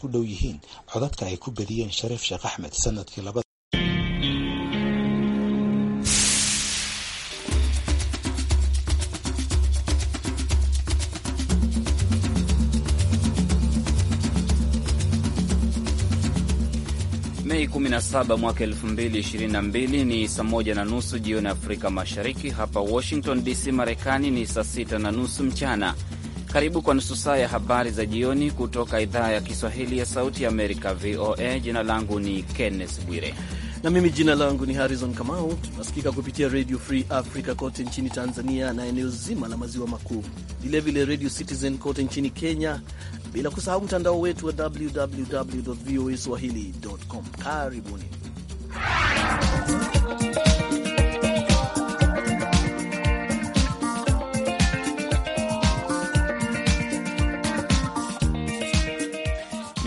ku dhow yihiin codadka ay ku bediyeen Shariif Sheekh Axmed sanadkii laba Mei 17 mwaka 2022 ni saa moja na nusu jioni Afrika Mashariki. Hapa Washington DC, Marekani ni saa sita na nusu mchana. Karibu kwa nusu saa ya habari za jioni kutoka idhaa ya Kiswahili ya Sauti ya Amerika, VOA. Jina langu ni Kenneth Bwire na mimi jina langu ni Harrison Kamau. Tunasikika kupitia Radio Free Africa kote nchini Tanzania na eneo zima la maziwa makuu, vilevile Radio Citizen kote nchini Kenya, bila kusahau mtandao wetu wa www voa swahili.com. Karibuni.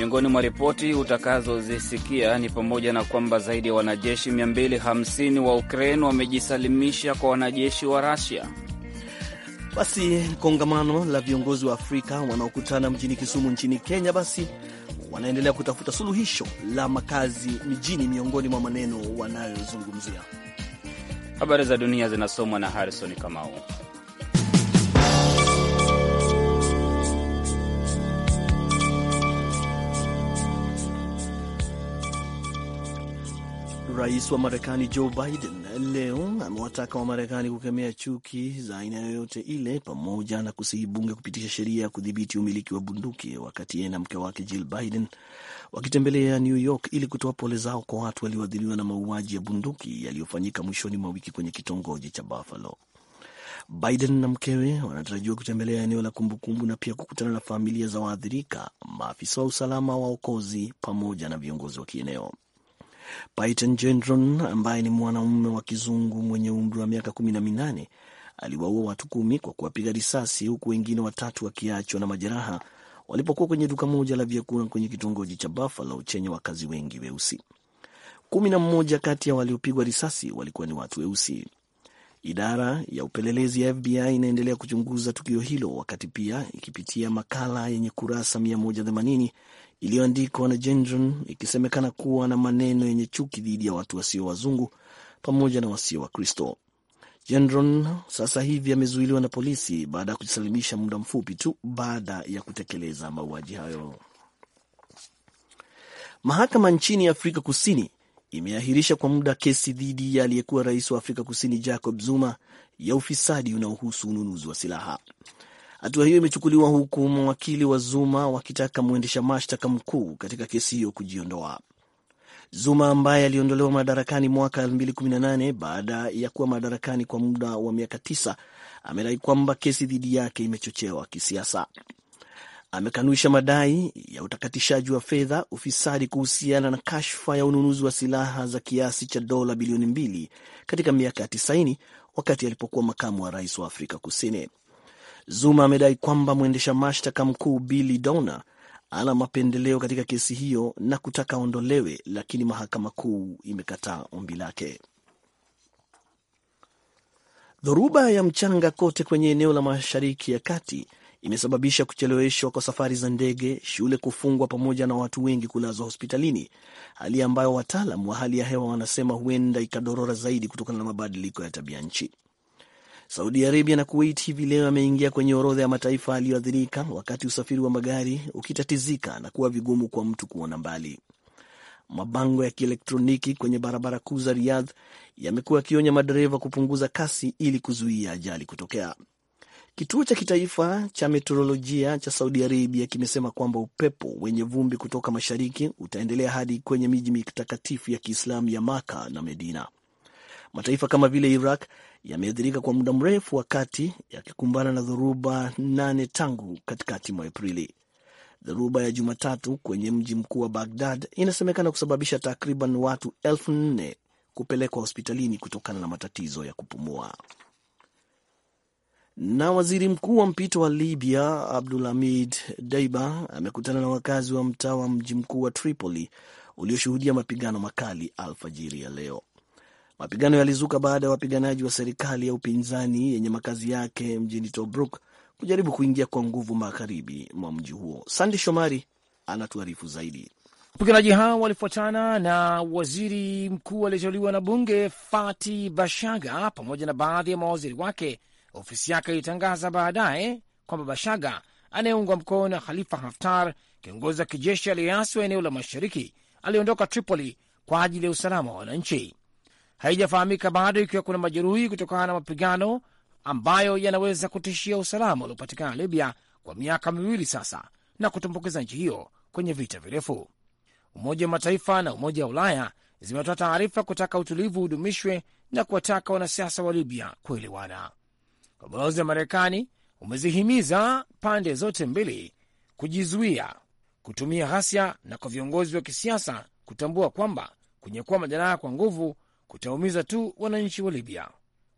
Miongoni mwa ripoti utakazozisikia ni pamoja na kwamba zaidi ya wanajeshi 250 wa Ukraine wamejisalimisha kwa wanajeshi wa Russia. Basi kongamano la viongozi wa Afrika wanaokutana mjini Kisumu nchini Kenya basi wanaendelea kutafuta suluhisho la makazi mijini, miongoni mwa maneno wanayozungumzia. Habari za dunia zinasomwa na Harrison Kamau. Rais wa Marekani Joe Biden leo amewataka Wamarekani kukemea chuki za aina yoyote ile pamoja na kusihi bunge kupitisha sheria ya kudhibiti umiliki wa bunduki, wakati yeye na mke wake Jill Biden wakitembelea New York ili kutoa pole zao kwa watu walioathiriwa na mauaji ya bunduki yaliyofanyika mwishoni mwa wiki kwenye kitongoji cha Buffalo. Biden na mkewe wanatarajiwa kutembelea eneo la kumbukumbu na pia kukutana na familia za waathirika, maafisa wa usalama, waokozi pamoja na viongozi wa kieneo. Payton Gendron ambaye ni mwanaume wa kizungu mwenye umri wa miaka kumi na minane aliwaua watu kumi kwa kuwapiga risasi huku wengine watatu wakiachwa na majeraha walipokuwa kwenye duka moja la vyakula kwenye kitongoji cha Buffalo chenye wakazi wengi weusi. Kumi na mmoja kati ya waliopigwa risasi walikuwa ni watu weusi. Idara ya upelelezi ya FBI inaendelea kuchunguza tukio hilo wakati pia ikipitia makala yenye kurasa iliyoandikwa na Gendron ikisemekana kuwa na maneno yenye chuki dhidi ya watu wasio wazungu pamoja na wasio Wakristo. Gendron sasa hivi amezuiliwa na polisi baada ya kujisalimisha muda mfupi tu baada ya kutekeleza mauaji hayo. Mahakama nchini Afrika Kusini imeahirisha kwa muda kesi dhidi ya aliyekuwa rais wa Afrika Kusini Jacob Zuma ya ufisadi unaohusu ununuzi wa silaha. Hatua hiyo imechukuliwa huku mawakili wa Zuma wakitaka mwendesha mashtaka mkuu katika kesi hiyo kujiondoa. Zuma ambaye aliondolewa madarakani mwaka 2018 baada ya kuwa madarakani kwa muda wa miaka tisa amedai kwamba kesi dhidi yake imechochewa kisiasa. Amekanusha madai ya utakatishaji wa fedha, ufisadi kuhusiana na kashfa ya ununuzi wa silaha za kiasi cha dola bilioni mbili katika miaka ya 90 wakati alipokuwa makamu wa rais wa Afrika Kusini. Zuma amedai kwamba mwendesha mashtaka mkuu Billy dona ana mapendeleo katika kesi hiyo na kutaka aondolewe, lakini mahakama kuu imekataa ombi lake. Dhoruba ya mchanga kote kwenye eneo la Mashariki ya Kati imesababisha kucheleweshwa kwa safari za ndege, shule kufungwa, pamoja na watu wengi kulazwa hospitalini, hali ambayo wataalam wa hali ya hewa wanasema huenda ikadorora zaidi kutokana na mabadiliko ya tabia nchi. Saudi Arabia na Kuwait hivi leo yameingia kwenye orodha ya mataifa yaliyoathirika, wakati usafiri wa magari ukitatizika na kuwa vigumu kwa mtu kuona mbali. Mabango ya kielektroniki kwenye barabara kuu za Riyadh yamekuwa yakionya madereva kupunguza kasi ili kuzuia ajali kutokea. Kituo cha kitaifa cha meteorolojia cha Saudi Arabia kimesema kwamba upepo wenye vumbi kutoka mashariki utaendelea hadi kwenye miji mitakatifu ya Kiislamu ya Maka na Medina. Mataifa kama vile Iraq yameathirika kwa muda mrefu wakati yakikumbana na dhoruba nane tangu katikati mwa Aprili. Dhoruba ya Jumatatu kwenye mji mkuu wa Bagdad inasemekana kusababisha takriban watu elfu nne kupelekwa hospitalini kutokana na matatizo ya kupumua. Na waziri mkuu wa mpito wa Libya Abdulhamid Deiba amekutana na wakazi wa mtaa wa mji mkuu wa Tripoli ulioshuhudia mapigano makali alfajiri ya leo. Mapigano yalizuka baada ya wapiganaji wa serikali ya upinzani yenye makazi yake mjini Tobruk kujaribu kuingia kwa nguvu magharibi mwa mji huo. Sande Shomari anatuarifu zaidi. Wapiganaji hao walifuatana na waziri mkuu aliyeteuliwa na bunge Fati Bashaga pamoja na baadhi ya mawaziri wake. Ofisi yake ilitangaza baadaye kwamba Bashaga anayeungwa mkono na Khalifa Haftar, kiongozi wa kijeshi aliyeasi wa eneo la mashariki, aliondoka Tripoli kwa ajili ya usalama wa wananchi haijafahamika bado ikiwa kuna majeruhi kutokana na mapigano ambayo yanaweza kutishia usalama uliopatikana Libya kwa miaka miwili sasa na kutumbukiza nchi hiyo kwenye vita virefu. Umoja wa Mataifa na Umoja wa Ulaya zimetoa taarifa kutaka utulivu udumishwe na kuwataka wanasiasa wa Libya kuelewana. Ubalozi wa Marekani umezihimiza pande zote mbili kujizuia kutumia ghasia na kwa viongozi wa kisiasa kutambua kwamba kunyakua madaraka kwa nguvu kutaumiza tu wananchi wa Libya.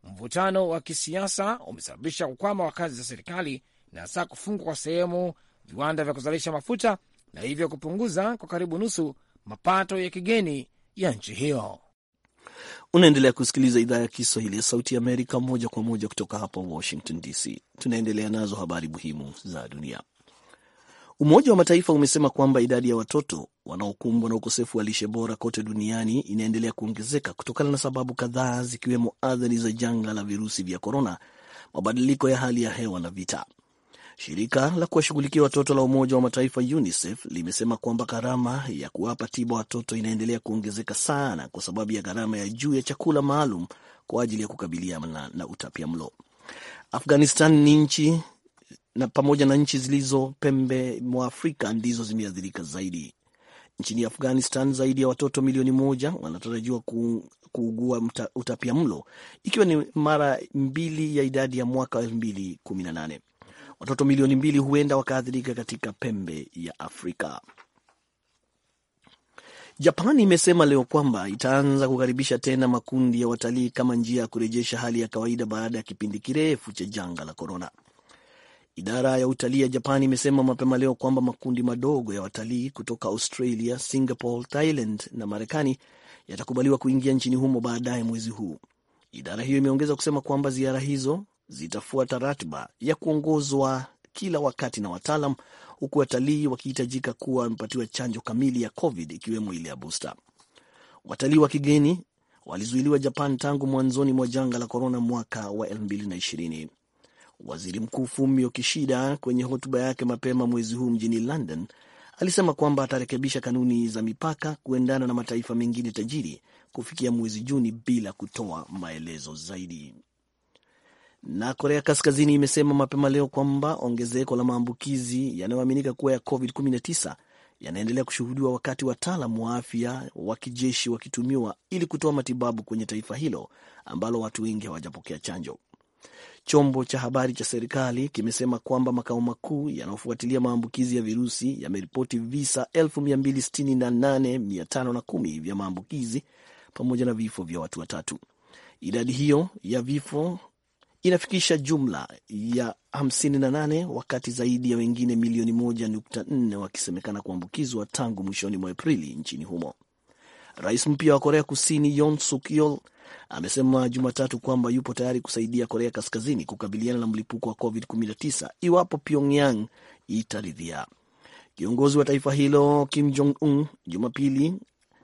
Mvutano wa kisiasa umesababisha kukwama wa kazi za serikali na hasa kufungwa kwa sehemu viwanda vya kuzalisha mafuta na hivyo kupunguza kwa karibu nusu mapato ya kigeni ya nchi hiyo. Unaendelea kusikiliza idhaa ya Kiswahili ya Sauti ya Amerika moja kwa moja kutoka hapa Washington DC. Tunaendelea nazo habari muhimu za dunia. Umoja wa Mataifa umesema kwamba idadi ya watoto wanaokumbwa na ukosefu wa lishe bora kote duniani inaendelea kuongezeka kutokana na sababu kadhaa zikiwemo athari za janga la virusi vya korona, mabadiliko ya hali ya hewa na vita. Shirika la kuwashughulikia watoto la Umoja wa Mataifa UNICEF limesema kwamba gharama ya kuwapa tiba watoto inaendelea kuongezeka sana kwa sababu ya gharama ya juu ya chakula maalum kwa ajili ya kukabiliana na, na utapia mlo. Afghanistan ni nchi na pamoja na nchi zilizo pembe mwa Afrika ndizo zimeathirika zaidi. Nchini Afghanistan, zaidi ya watoto milioni moja wanatarajiwa ku, kuugua mta, utapia mlo ikiwa ni mara mbili ya idadi ya mwaka wa elfu mbili kumi na nane. Watoto milioni mbili huenda wakaathirika katika pembe ya Afrika. Japan imesema leo kwamba itaanza kukaribisha tena makundi ya watalii kama njia ya kurejesha hali ya kawaida baada ya kipindi kirefu cha janga la korona. Idara ya utalii ya Japan imesema mapema leo kwamba makundi madogo ya watalii kutoka Australia, Singapore, Thailand na Marekani yatakubaliwa kuingia nchini humo baadaye mwezi huu. Idara hiyo imeongeza kusema kwamba ziara hizo zitafuata ratiba ya kuongozwa kila wakati na wataalam, huku watalii wakihitajika kuwa wamepatiwa chanjo kamili ya COVID ikiwemo ile ya busta. Watalii wa kigeni walizuiliwa Japan tangu mwanzoni mwa janga la korona mwaka wa 2020. Waziri Mkuu Fumio Kishida kwenye hotuba yake mapema mwezi huu mjini London alisema kwamba atarekebisha kanuni za mipaka kuendana na mataifa mengine tajiri kufikia mwezi Juni bila kutoa maelezo zaidi. Na Korea Kaskazini imesema mapema leo kwamba ongezeko la maambukizi yanayoaminika kuwa ya COVID-19 yanaendelea kushuhudiwa wakati wataalam wa afya wa kijeshi wakitumiwa ili kutoa matibabu kwenye taifa hilo ambalo watu wengi hawajapokea chanjo. Chombo cha habari cha serikali kimesema kwamba makao makuu yanayofuatilia maambukizi ya virusi yameripoti visa 268510 vya maambukizi pamoja na vifo vya watu watatu. Idadi hiyo ya vifo inafikisha jumla ya 58 wakati zaidi ya wengine milioni 1.4 wakisemekana kuambukizwa tangu mwishoni mwa Aprili nchini humo. Rais mpya wa Korea Kusini Yoon Suk Yeol amesema Jumatatu kwamba yupo tayari kusaidia Korea Kaskazini kukabiliana na mlipuko wa COVID-19 iwapo Pyongyang itaridhia. Kiongozi wa taifa hilo Kim Jong Un Jumapili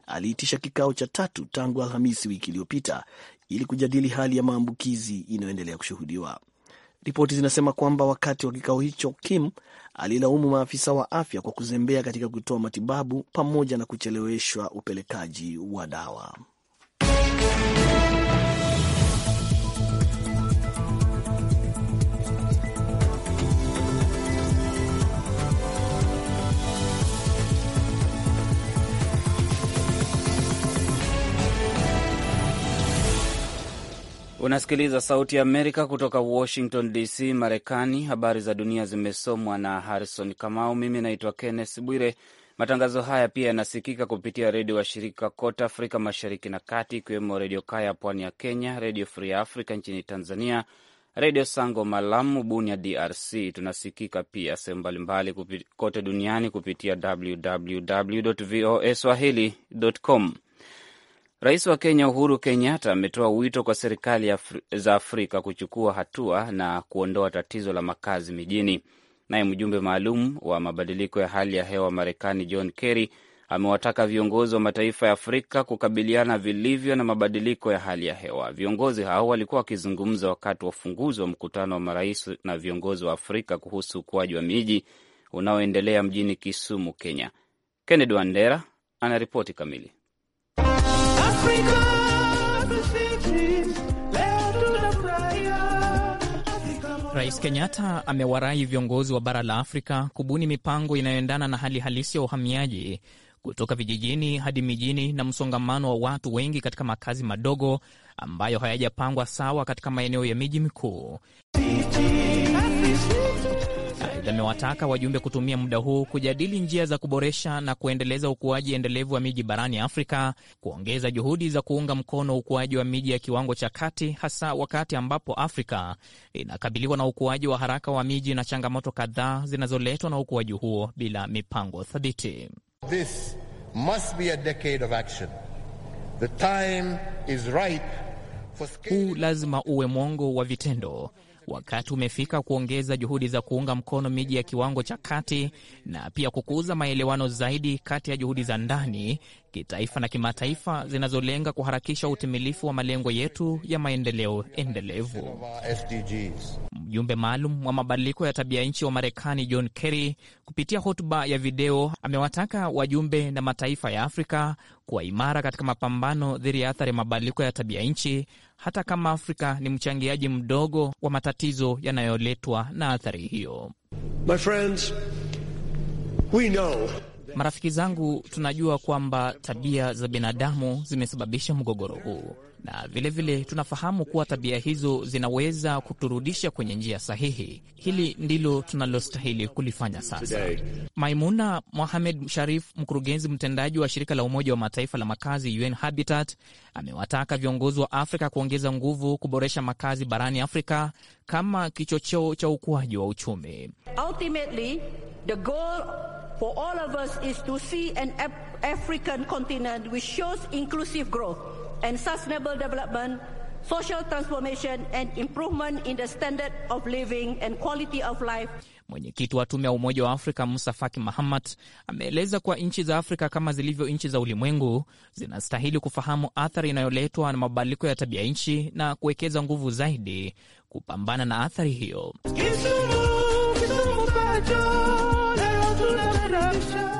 aliitisha kikao cha tatu tangu Alhamisi wiki iliyopita ili kujadili hali ya maambukizi inayoendelea kushuhudiwa. Ripoti zinasema kwamba wakati wa kikao hicho, Kim alilaumu maafisa wa afya kwa kuzembea katika kutoa matibabu pamoja na kucheleweshwa upelekaji wa dawa. Unasikiliza Sauti ya Amerika kutoka Washington DC, Marekani. Habari za dunia zimesomwa na Harrison Kamau. Mimi naitwa Kenneth Bwire. Matangazo haya pia yanasikika kupitia redio wa shirika kote Afrika Mashariki na Kati, ikiwemo Redio Kaya pwani ya Kenya, Redio Free Africa nchini Tanzania, Redio Sango Malamu Bunia DRC. Tunasikika pia sehemu mbalimbali kote duniani kupitia www voa swahili com Rais wa Kenya Uhuru Kenyatta ametoa wito kwa serikali Afri za Afrika kuchukua hatua na kuondoa tatizo la makazi mijini. Naye mjumbe maalum wa mabadiliko ya hali ya hewa Marekani John Kerry amewataka viongozi wa mataifa ya Afrika kukabiliana vilivyo na mabadiliko ya hali ya hewa. Viongozi hao walikuwa wakizungumza wakati wa ufunguzi wa mkutano wa marais na viongozi wa Afrika kuhusu ukuaji wa miji unaoendelea mjini Kisumu, Kenya. Kennedy Wandera anaripoti kamili. Rais Kenyatta amewarai viongozi wa bara la Afrika kubuni mipango inayoendana na hali halisi ya uhamiaji kutoka vijijini hadi mijini na msongamano wa watu wengi katika makazi madogo ambayo hayajapangwa sawa katika maeneo ya miji mikuu yamewataka wajumbe kutumia muda huu kujadili njia za kuboresha na kuendeleza ukuaji endelevu wa miji barani Afrika, kuongeza juhudi za kuunga mkono ukuaji wa miji ya kiwango cha kati, hasa wakati ambapo Afrika inakabiliwa na ukuaji wa haraka wa miji na changamoto kadhaa zinazoletwa na ukuaji huo bila mipango thabiti. This must be a decade of action. The time is ripe for... huu lazima uwe mwongo wa vitendo. Wakati umefika kuongeza juhudi za kuunga mkono miji ya kiwango cha kati na pia kukuza maelewano zaidi kati ya juhudi za ndani kitaifa na kimataifa zinazolenga kuharakisha utimilifu wa malengo yetu ya maendeleo endelevu. Mjumbe maalum wa mabadiliko ya tabia nchi wa Marekani John Kerry, kupitia hotuba ya video, amewataka wajumbe na mataifa ya Afrika kuwa imara katika mapambano dhidi ya athari ya mabadiliko ya tabia nchi, hata kama Afrika ni mchangiaji mdogo wa matatizo yanayoletwa na athari hiyo. My friends, we know. Marafiki zangu, tunajua kwamba tabia za binadamu zimesababisha mgogoro huu, na vilevile vile tunafahamu kuwa tabia hizo zinaweza kuturudisha kwenye njia sahihi. Hili ndilo tunalostahili kulifanya sasa. Maimuna Mohamed Sharif, mkurugenzi mtendaji wa shirika la Umoja wa Mataifa la makazi UN Habitat, amewataka viongozi wa Afrika kuongeza nguvu kuboresha makazi barani Afrika kama kichocheo cha ukuaji wa uchumi. Ultimately, the goal for all of us is to see an Af African continent which shows inclusive growth and sustainable development, social transformation and improvement in the standard of living and quality of life. Mwenyekiti wa tume ya Umoja wa Afrika Musa Faki Mahamat ameeleza kuwa nchi za Afrika kama zilivyo nchi za ulimwengu zinastahili kufahamu athari inayoletwa na mabadiliko ya tabia nchi na kuwekeza nguvu zaidi kupambana na athari hiyo. Kisumu, Kisumu bacho,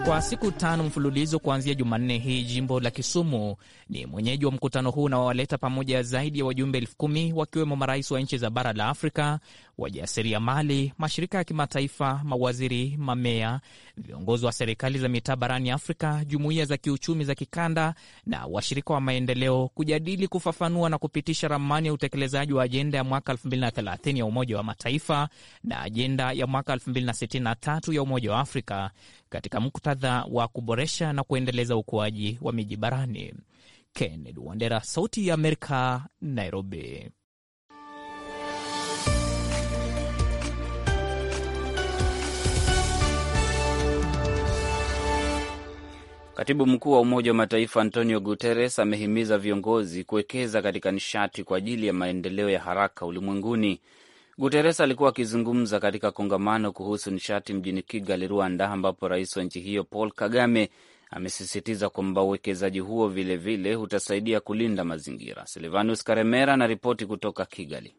kwa siku tano mfululizo kuanzia Jumanne hii, jimbo la Kisumu ni mwenyeji wa mkutano huu unaowaleta pamoja zaidi ya wajumbe elfu kumi wakiwemo marais wa nchi za bara la Afrika, wajasiriamali, mashirika ya kimataifa, mawaziri, mameya, viongozi wa serikali za mitaa barani Afrika, jumuiya za kiuchumi za kikanda na washirika wa maendeleo, kujadili, kufafanua na kupitisha ramani ya utekelezaji wa ajenda ya mwaka 2030 ya Umoja wa Mataifa na ajenda ya mwaka 2063 ya Umoja wa Afrika katika muktadha wa kuboresha na kuendeleza ukuaji wa miji barani. Kennedy Wandera, Sauti ya Amerika, Nairobi. Katibu mkuu wa Umoja wa Mataifa Antonio Guterres amehimiza viongozi kuwekeza katika nishati kwa ajili ya maendeleo ya haraka ulimwenguni. Guterres alikuwa akizungumza katika kongamano kuhusu nishati mjini Kigali, Rwanda, ambapo rais wa nchi hiyo Paul Kagame amesisitiza kwamba uwekezaji huo vilevile utasaidia kulinda mazingira. Silvanus Karemera anaripoti kutoka Kigali.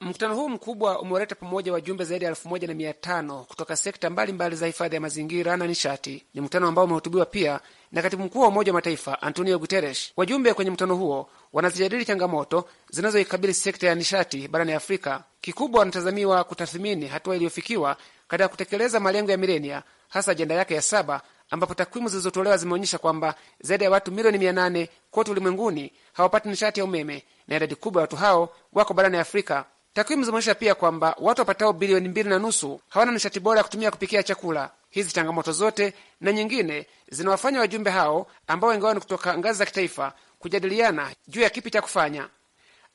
Mkutano huu mkubwa umewaleta pamoja wajumbe zaidi ya elfu moja na mia tano kutoka sekta mbalimbali mbali za hifadhi ya mazingira na nishati. Ni mkutano ambao umehutubiwa pia na katibu mkuu wa Umoja wa Mataifa Antonio Guterres. Wajumbe kwenye mkutano huo wanazijadili changamoto zinazoikabili sekta ya nishati barani Afrika. Kikubwa wanatazamiwa kutathmini hatua iliyofikiwa katika kutekeleza malengo ya milenia, hasa ajenda yake ya saba, ambapo takwimu zilizotolewa zimeonyesha kwamba zaidi ya watu milioni mia nane kote ulimwenguni hawapati nishati ya umeme na idadi kubwa ya watu hao wako barani Afrika. Takwimu zinaonyesha pia kwamba watu wapatao bilioni mbili na nusu hawana nishati bora ya kutumia kupikia chakula. Hizi changamoto zote na nyingine zinawafanya wajumbe hao ambao wao ni kutoka ngazi za kitaifa kujadiliana juu ya kipi cha kufanya.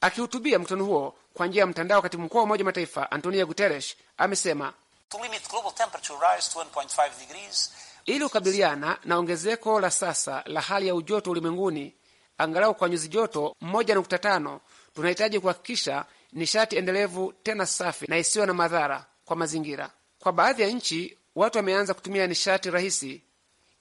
Akihutubia mkutano huo kwa njia ya mtandao, katibu mkuu wa Umoja Mataifa Antonio Guterres amesema ili kukabiliana na ongezeko la sasa la hali ya ujoto ulimwenguni angalau kwa nyuzi joto 1.5 tunahitaji kuhakikisha nishati endelevu tena safi na isiyo na madhara kwa mazingira. Kwa baadhi ya nchi, watu wameanza kutumia nishati rahisi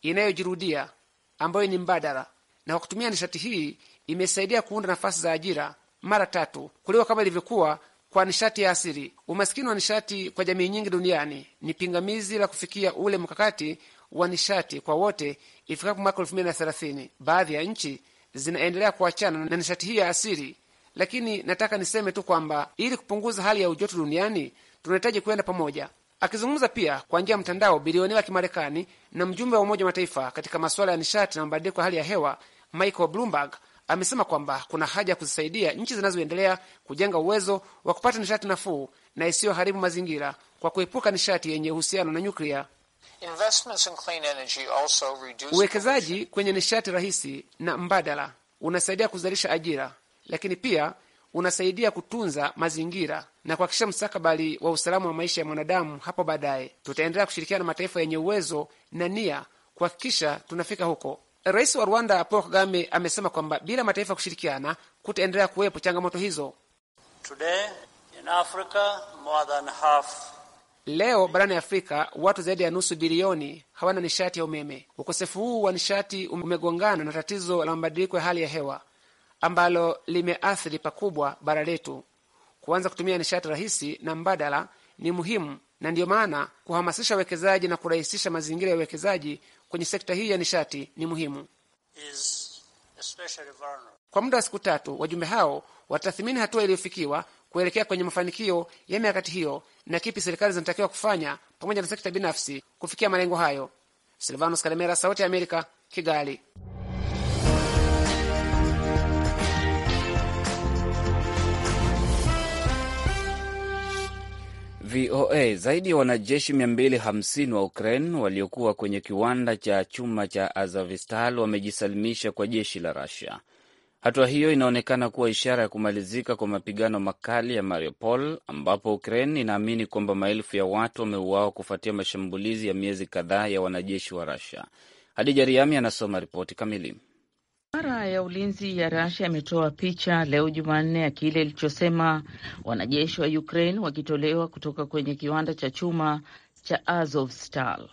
inayojirudia ambayo ni mbadala, na kwa kutumia nishati hii imesaidia kuunda nafasi za ajira mara tatu kuliko kama ilivyokuwa kwa nishati ya asili. Umasikini wa nishati kwa jamii nyingi duniani ni pingamizi la kufikia ule mkakati wa nishati kwa wote ifikapo mwaka elfu mbili na thelathini. Baadhi ya nchi zinaendelea kuachana na nishati hii ya asili lakini nataka niseme tu kwamba ili kupunguza hali ya ujoto duniani tunahitaji kuenda pamoja. Akizungumza pia kwa njia ya mtandao, bilionea wa Kimarekani na mjumbe wa Umoja wa Mataifa katika masuala ya nishati na mabadiliko ya hali ya hewa Michael Bloomberg amesema kwamba kuna haja ya kuzisaidia nchi zinazoendelea kujenga uwezo wa kupata nishati nafuu na isiyoharibu mazingira kwa kuepuka nishati yenye uhusiano na nyuklia. Uwekezaji kwenye nishati rahisi na mbadala unasaidia kuzalisha ajira lakini pia unasaidia kutunza mazingira na kuhakikisha mstakabali wa usalama wa maisha ya mwanadamu hapo baadaye. Tutaendelea kushirikiana na mataifa yenye uwezo na nia kuhakikisha tunafika huko. Rais wa Rwanda Paul Kagame amesema kwamba bila mataifa kushirikiana kutaendelea kuwepo changamoto hizo. Today, in Africa, more than half. Leo barani Afrika watu zaidi ya nusu bilioni hawana nishati ya umeme. Ukosefu huu wa nishati umegongana na tatizo la mabadiliko ya hali ya hewa ambalo limeathiri pakubwa bara letu. Kuanza kutumia nishati rahisi na mbadala ni muhimu, na ndiyo maana kuhamasisha uwekezaji na kurahisisha mazingira ya uwekezaji kwenye sekta hii ya nishati ni muhimu. Kwa muda wa siku tatu, wajumbe hao watathimini hatua iliyofikiwa kuelekea kwenye mafanikio ya mikakati hiyo na kipi serikali zinatakiwa kufanya pamoja na sekta binafsi kufikia malengo hayo. Silvanos Kalemera, Sauti ya Amerika, Kigali. VOA. Zaidi ya wanajeshi 250 wa Ukraine waliokuwa kwenye kiwanda cha chuma cha Azavistal wamejisalimisha kwa jeshi la Rusia. Hatua hiyo inaonekana kuwa ishara ya kumalizika kwa mapigano makali ya Mariupol, ambapo Ukraine inaamini kwamba maelfu ya watu wameuawa kufuatia mashambulizi ya miezi kadhaa ya wanajeshi wa Rusia. Hadija Riami anasoma ripoti kamili. Wizara ya ulinzi ya Rasia imetoa picha leo Jumanne ya kile ilichosema wanajeshi wa Ukraine wakitolewa kutoka kwenye kiwanda cha chuma cha Azovstal.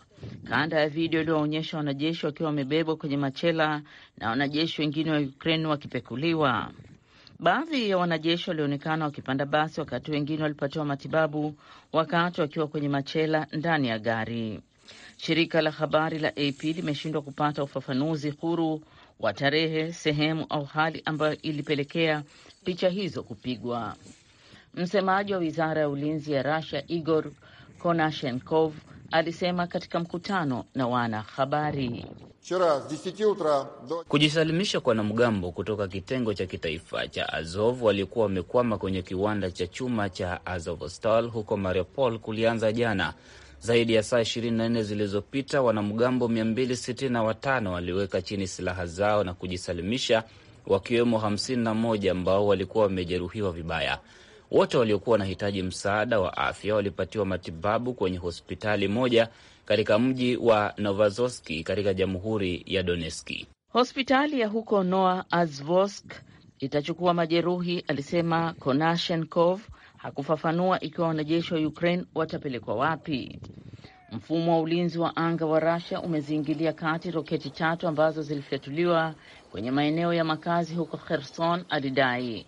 Kanda ya video iliyoonyesha wanajeshi wakiwa wamebebwa kwenye machela na wanajeshi wengine wa Ukraine wakipekuliwa. Baadhi ya wanajeshi walionekana wakipanda basi, wakati wengine walipatiwa matibabu wakati wakiwa kwenye machela ndani ya gari. Shirika la habari la AP limeshindwa kupata ufafanuzi huru wa tarehe, sehemu au hali ambayo ilipelekea picha hizo kupigwa. Msemaji wa wizara ya ulinzi ya Russia Igor Konashenkov alisema katika mkutano na wanahabari kujisalimisha kwa wanamgambo kutoka kitengo cha kitaifa cha Azov waliokuwa wamekwama kwenye kiwanda cha chuma cha Azovstal huko Mariupol kulianza jana zaidi ya saa 24 zilizopita, wanamgambo 265 waliweka chini silaha zao na kujisalimisha, wakiwemo 51 ambao walikuwa wamejeruhiwa vibaya. Wote waliokuwa wanahitaji msaada wa afya walipatiwa matibabu kwenye hospitali moja katika mji wa Novazoski katika jamhuri ya Donetski. Hospitali ya huko Noa Azvosk itachukua majeruhi, alisema Konashenkov, hakufafanua ikiwa wanajeshi wa Ukraine watapelekwa wapi. Mfumo wa ulinzi wa anga wa Russia umeziingilia kati roketi tatu ambazo zilifyatuliwa kwenye maeneo ya makazi huko Kherson, alidai.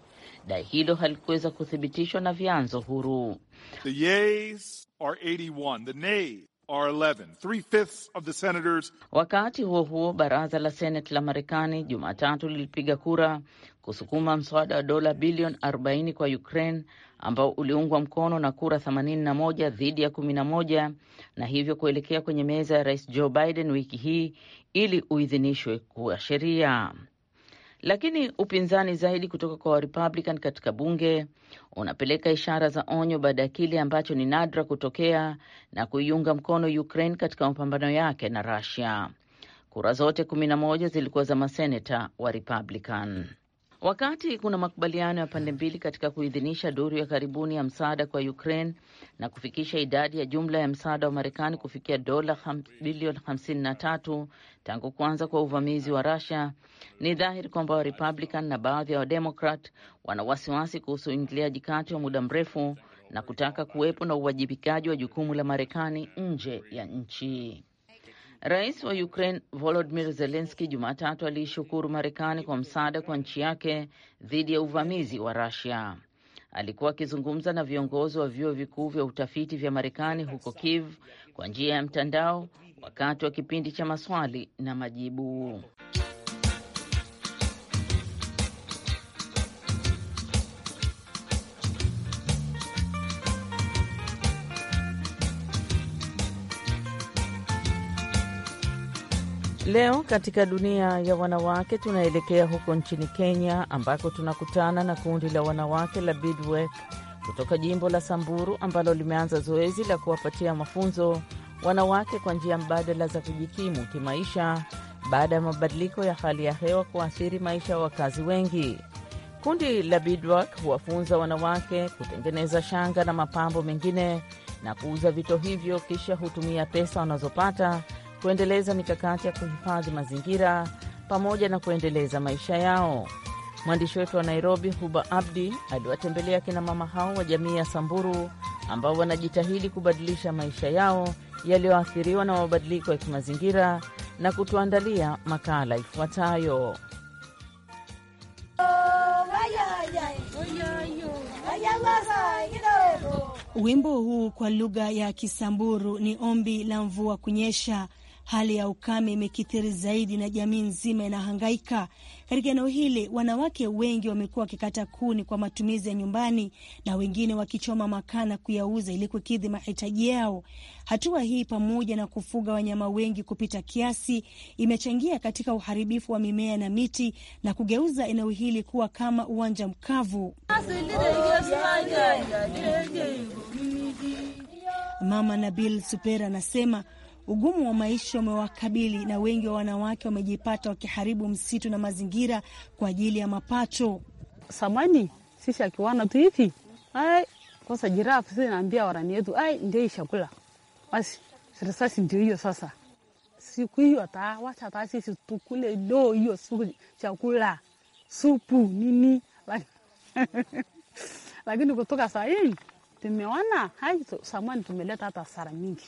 Dai hilo halikuweza kuthibitishwa na vyanzo huru. The yeas are 81. The nays are 11. Three-fifths of the senators... Wakati huo huo, baraza la Seneti la Marekani Jumatatu lilipiga kura kusukuma mswada wa dola bilioni 40 kwa Ukraine ambao uliungwa mkono na kura 81 dhidi ya 11 na hivyo kuelekea kwenye meza ya Rais Joe Biden wiki hii ili uidhinishwe kuwa sheria. Lakini upinzani zaidi kutoka kwa Warepublican katika bunge unapeleka ishara za onyo baada ya kile ambacho ni nadra kutokea na kuiunga mkono Ukraine katika mapambano yake na Russia. Kura zote 11 zilikuwa za maseneta wa Republican. Wakati kuna makubaliano ya pande mbili katika kuidhinisha duru ya karibuni ya msaada kwa Ukraine na kufikisha idadi ya jumla ya msaada wa Marekani kufikia dola bilioni 53 tangu kuanza kwa uvamizi wa Russia, ni dhahiri kwamba Warepublican na baadhi ya Wademokrat wana wasiwasi kuhusu uingiliaji kati wa muda mrefu na kutaka kuwepo na uwajibikaji wa jukumu la Marekani nje ya nchi. Rais wa Ukraine Volodymyr Zelensky Jumatatu aliishukuru Marekani kwa msaada kwa nchi yake dhidi ya uvamizi wa Russia. Alikuwa akizungumza na viongozi wa vyuo vikuu vya utafiti vya Marekani huko Kiev kwa njia ya mtandao wakati wa kipindi cha maswali na majibu. Leo katika dunia ya wanawake tunaelekea huko nchini Kenya ambako tunakutana na kundi la wanawake la bidwek kutoka jimbo la Samburu ambalo limeanza zoezi la kuwapatia mafunzo wanawake kwa njia mbadala za kujikimu kimaisha baada ya mabadiliko ya hali ya hewa kuathiri maisha ya wakazi wengi. Kundi la bidwak huwafunza wanawake kutengeneza shanga na mapambo mengine na kuuza vito hivyo, kisha hutumia pesa wanazopata kuendeleza mikakati ya kuhifadhi mazingira pamoja na kuendeleza maisha yao. Mwandishi wetu wa Nairobi, Huba Abdi, aliwatembelea kina mama hao wa jamii ya Samburu ambao wanajitahidi kubadilisha maisha yao yaliyoathiriwa na mabadiliko ya kimazingira na kutuandalia makala ifuatayo. Wimbo huu kwa lugha ya Kisamburu ni ombi la mvua kunyesha Hali ya ukame imekithiri zaidi na jamii nzima inahangaika katika eneo hili. Wanawake wengi wamekuwa wakikata kuni kwa matumizi ya nyumbani na wengine wakichoma makaa na kuyauza ili kukidhi mahitaji yao. Hatua hii pamoja na kufuga wanyama wengi kupita kiasi imechangia katika uharibifu wa mimea na miti na kugeuza eneo hili kuwa kama uwanja mkavu. Mama Nabil Supera anasema Ugumu wa maisha umewakabili na wengi wa wanawake wamejipata wakiharibu msitu na mazingira kwa ajili ya mapato. Samani sisi akiwana tu hivi kosa jirafu si naambia warani yetu ai ndio ishakula basi risasi ndio hiyo sasa. Siku hiyo ta wacha ta sisi tukule do hiyo siku chakula supu nini lakini kutoka saa hii tumeona hai samani tumeleta hata sara mingi.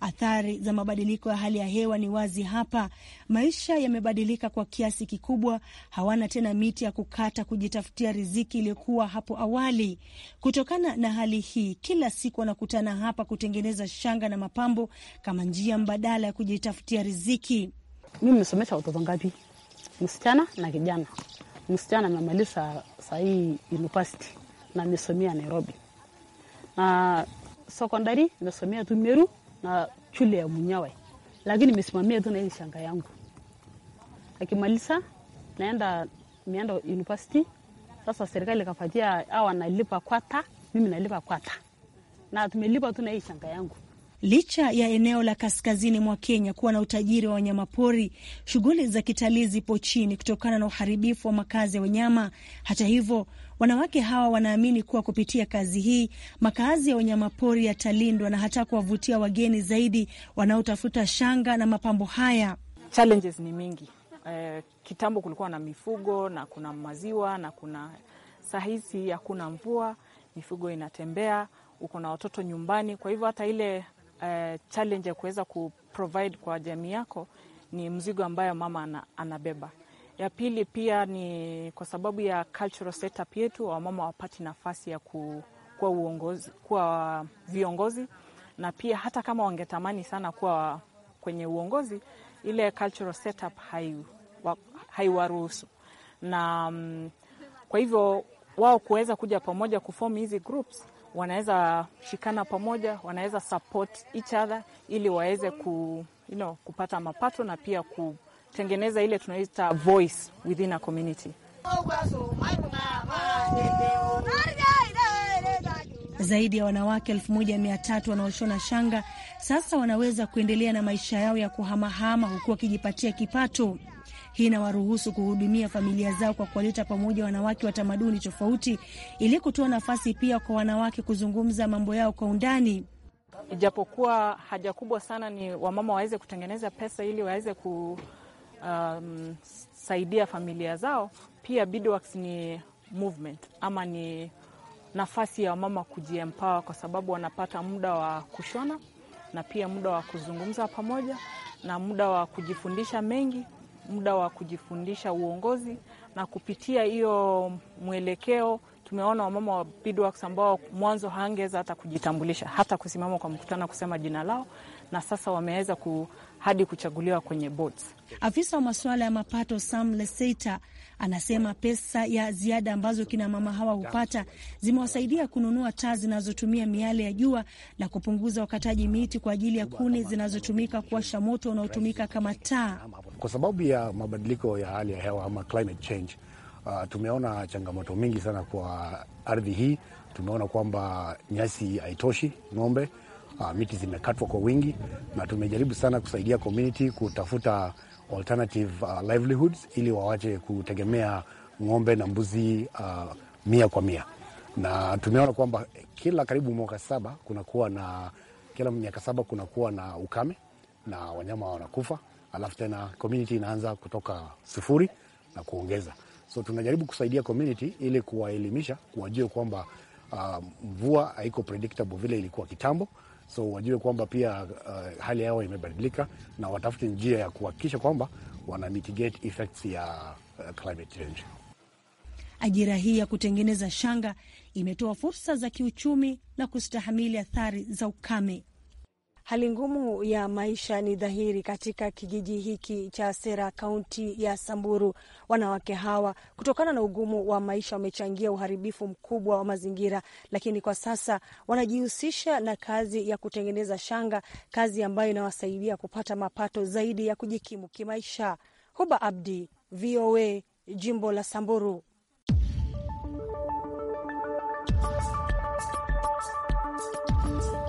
Athari za mabadiliko ya hali ya hewa ni wazi hapa. Maisha yamebadilika kwa kiasi kikubwa, hawana tena miti ya kukata kujitafutia riziki iliyokuwa hapo awali. Kutokana na hali hii, kila siku wanakutana hapa kutengeneza shanga na mapambo kama njia mbadala ya kujitafutia riziki. Mi mmesomesha watoto ngapi? Msichana na kijana. Msichana amemaliza sahii university na amesomea Nairobi, na sekondari mesomea tu Meru na shule ya mwenyewe, lakini nimesimamia tu na ile shanga yangu. Akimaliza naenda nimeenda university. Sasa serikali kafatia au analipa kwata, mimi nalipa kwata na tumelipa tu na hii shanga yangu. Licha ya eneo la kaskazini mwa Kenya kuwa na utajiri wa wanyamapori, shughuli za kitalii zipo chini kutokana na uharibifu wa makazi ya wanyama. Hata hivyo, Wanawake hawa wanaamini kuwa kupitia kazi hii makazi ya wanyamapori yatalindwa na hata kuwavutia wageni zaidi wanaotafuta shanga na mapambo haya. Challenges ni mingi. Eh, kitambo kulikuwa na mifugo na kuna maziwa na kuna sahizi hakuna mvua, mifugo inatembea, uko na watoto nyumbani. Kwa hivyo hata ile eh, challenge ya kuweza kuprovide kwa jamii yako ni mzigo ambayo mama anabeba. Ya pili pia ni kwa sababu ya cultural setup yetu, wamama wapati nafasi ya ku, kuwa, uongozi, kuwa viongozi na pia hata kama wangetamani sana kuwa kwenye uongozi, ile cultural setup haiwaruhusu hai na um, kwa hivyo wao kuweza kuja pamoja kuform hizi groups, wanaweza shikana pamoja, wanaweza support each other ili waweze ku, you know, kupata mapato na pia ku tengeneza ile tunaita voice within a community. Zaidi ya wanawake elfu moja mia tatu wanaoshona shanga sasa wanaweza kuendelea na maisha yao ya kuhamahama huku wakijipatia kipato. Hii inawaruhusu kuhudumia familia zao kwa kuwaleta pamoja wanawake wa tamaduni tofauti, ili kutoa nafasi pia kwa wanawake kuzungumza mambo yao kwa undani. Ijapokuwa haja kubwa sana ni wamama waweze kutengeneza pesa ili waweze ku um, saidia familia zao. Pia beadworks ni movement ama ni nafasi ya wamama kujiempower, kwa sababu wanapata muda wa kushona na pia muda wa kuzungumza pamoja na muda wa kujifundisha mengi, muda wa kujifundisha uongozi. Na kupitia hiyo mwelekeo tumeona wamama wa beadworks ambao mwanzo hangeweza hata kujitambulisha, hata kusimama kwa mkutano kusema jina lao, na sasa wameweza ku hadi kuchaguliwa kwenye boards. Afisa wa masuala ya mapato Sam Leseita anasema pesa ya ziada ambazo kina mama hawa hupata zimewasaidia kununua taa zinazotumia miale ya jua na kupunguza wakataji miti kwa ajili ya kuni zinazotumika kuwasha moto unaotumika kama taa. Kwa sababu ya mabadiliko ya hali ya hewa ama climate change, uh, tumeona changamoto mingi sana kwa ardhi hii. Tumeona kwamba nyasi haitoshi ng'ombe uh, miti zimekatwa kwa wingi, na tumejaribu sana kusaidia community kutafuta alternative uh, livelihoods ili wawache kutegemea ng'ombe na mbuzi uh, mia kwa mia, na tumeona kwamba kila karibu mwaka saba kunakuwa na kila miaka saba kunakuwa na ukame na wanyama wanakufa, alafu tena community inaanza kutoka sifuri na kuongeza. So tunajaribu kusaidia community ili kuwaelimisha, kuwajua kwamba uh, mvua haiko predictable vile ilikuwa kitambo so wajue kwamba pia uh, hali yao imebadilika na watafute njia ya kuhakikisha kwamba wana mitigate effects ya uh, climate change. Ajira hii ya kutengeneza shanga imetoa fursa za kiuchumi na kustahamili athari za ukame Hali ngumu ya maisha ni dhahiri katika kijiji hiki cha Sera, kaunti ya Samburu. Wanawake hawa, kutokana na ugumu wa maisha, wamechangia uharibifu mkubwa wa mazingira, lakini kwa sasa wanajihusisha na kazi ya kutengeneza shanga, kazi ambayo inawasaidia kupata mapato zaidi ya kujikimu kimaisha. Huba Abdi, VOA, jimbo la Samburu.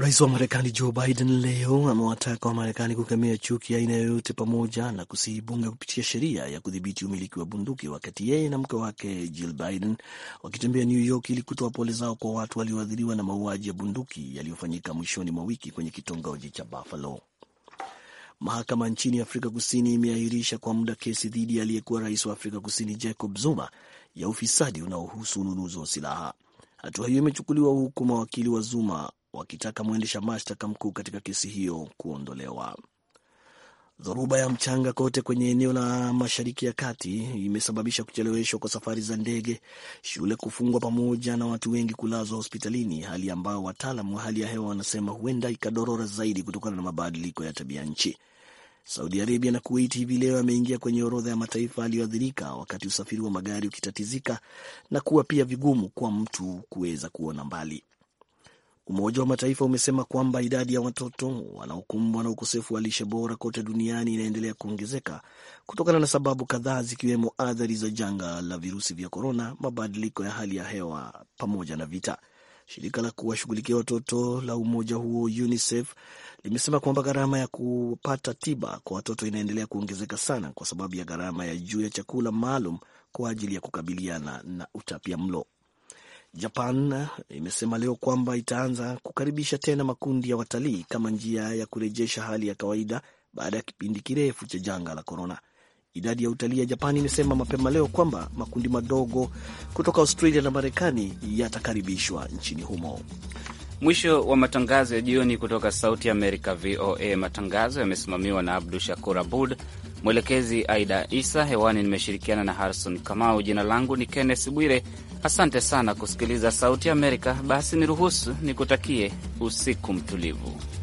Rais wa Marekani Joe Biden leo amewataka wa marekani kukemea chuki aina yoyote pamoja na kusihi bunge kupitia sheria ya kudhibiti umiliki wa bunduki, wakati yeye na mke wake Jill Biden wakitembea New York ili kutoa pole zao kwa watu walioathiriwa na mauaji ya bunduki yaliyofanyika mwishoni mwa wiki kwenye kitongoji cha Buffalo. Mahakama nchini Afrika Kusini imeahirisha kwa muda kesi dhidi ya aliyekuwa rais wa Afrika Kusini Jacob Zuma ya ufisadi unaohusu ununuzi wa silaha. Hatua hiyo imechukuliwa huku mawakili wa Zuma wakitaka mwendesha mashtaka mkuu katika kesi hiyo kuondolewa. Dhoruba ya mchanga kote kwenye eneo la Mashariki ya Kati imesababisha kucheleweshwa kwa safari za ndege, shule kufungwa, pamoja na watu wengi kulazwa hospitalini, hali ambayo wataalam wa hali ya hewa wanasema huenda ikadorora zaidi kutokana na mabadiliko ya tabia nchi. Saudi Arabia na Kuwait hivi leo yameingia kwenye orodha ya mataifa yaliyoathirika, wakati usafiri wa magari ukitatizika na kuwa pia vigumu kwa mtu kuweza kuona mbali. Umoja wa Mataifa umesema kwamba idadi ya watoto wanaokumbwa na ukosefu wa lishe bora kote duniani inaendelea kuongezeka kutokana na sababu kadhaa zikiwemo athari za janga la virusi vya korona, mabadiliko ya hali ya hewa pamoja na vita. Shirika la kuwashughulikia watoto la umoja huo UNICEF limesema kwamba gharama ya kupata tiba kwa watoto inaendelea kuongezeka sana kwa sababu ya gharama ya juu ya chakula maalum kwa ajili ya kukabiliana na utapia mlo. Japan imesema leo kwamba itaanza kukaribisha tena makundi ya watalii kama njia ya kurejesha hali ya kawaida baada ya kipindi kirefu cha janga la korona. Idadi ya utalii ya Japan imesema mapema leo kwamba makundi madogo kutoka Australia na Marekani yatakaribishwa nchini humo. Mwisho wa matangazo ya jioni kutoka Sauti ya Amerika, VOA. Matangazo yamesimamiwa na Abdu Shakur Abud, mwelekezi Aida Isa. Hewani nimeshirikiana na Harrison Kamau. Jina langu ni Kenneth Bwire. Asante sana kusikiliza Sauti Amerika. Basi niruhusu nikutakie usiku mtulivu.